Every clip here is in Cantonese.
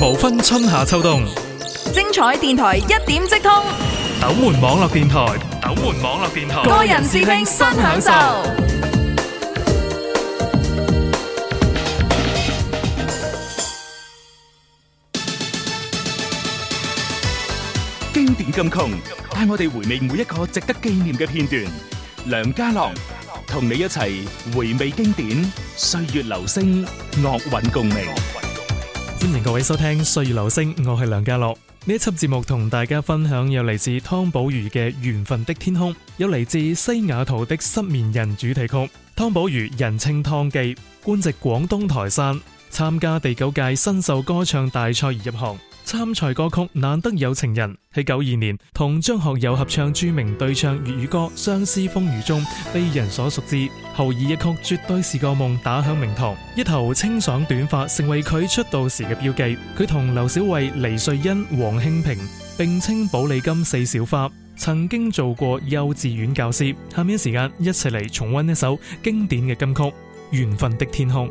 無分春夏秋冬，精彩電台一點即通。斗門網絡電台，斗門網絡電台，個人視聽，新享受。經典金曲，帶我哋回味每一個值得紀念嘅片段。梁家朗，同你一齊回味經典，歲月留聲，樂韻共鳴。歡迎各位收聽《歲月留聲》，我係梁家樂。呢一輯節目同大家分享有嚟自湯寶如嘅《緣分的天空》，有嚟自西雅圖的《失眠人》主題曲。湯寶如人稱湯記，官籍廣東台山，參加第九屆新秀歌唱大賽而入行。參賽歌曲《難得有情人》喺九二年同張學友合唱著名對唱粵語歌《相思風雨中》，被人所熟知。後以一曲《絕對是個夢》打響名堂，一頭清爽短發成為佢出道時嘅標記。佢同劉小慧、黎瑞恩、黃興平並稱寶麗金四小花，曾經做過幼稚園教師。下面一時間一齊嚟重温一首經典嘅金曲《緣分的天空》。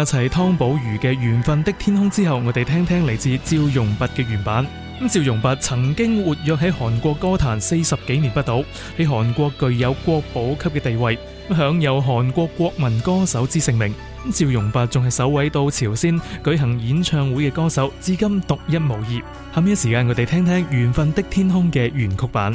一齊湯寶如嘅《緣分的天空》之後，我哋聽聽嚟自趙容弼嘅原版。咁趙容弼曾經活躍喺韓國歌壇四十幾年不倒，喺韓國具有國寶級嘅地位，享有韓國國民歌手之盛名。咁趙容弼仲係首位到朝鮮舉行演唱會嘅歌手，至今獨一無二。下一時間我哋聽聽《緣分的天空》嘅原曲版。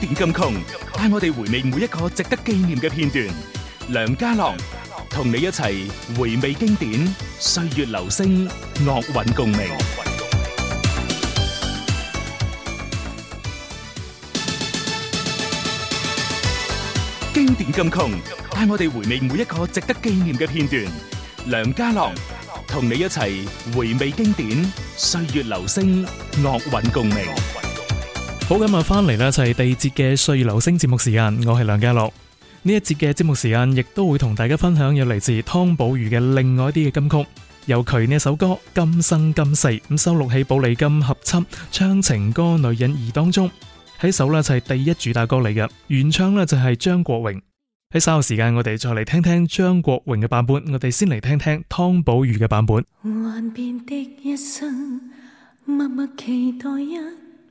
經典金窮，帶我哋回味每一個值得紀念嘅片段。梁家郎同你一齊回味經典，歲月留聲，樂韻共鳴。經典金窮，帶我哋回味每一個值得紀念嘅片段。梁家郎同你一齊回味經典，歲月留聲，樂韻共鳴。好咁啊！翻嚟啦，就係第二節嘅《歲月留聲》節目時間，我係梁家樂。呢一節嘅節目時間亦都會同大家分享，有嚟自湯寶如嘅另外一啲嘅金曲，由佢呢首歌《今生今世》咁收錄喺《寶麗金合輯唱情歌女人二》當中，喺首呢就係第一主打歌嚟嘅，原唱呢就係張國榮。喺稍後時間我哋再嚟聽聽張國榮嘅版本，我哋先嚟聽聽湯寶如嘅版本。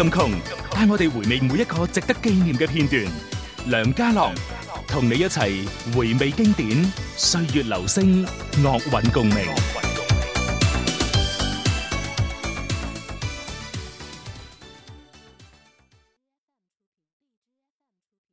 咁窮，帶我哋回味每一個值得紀念嘅片段。梁家朗同你一齊回味經典，歲月留聲，樂韻共鳴。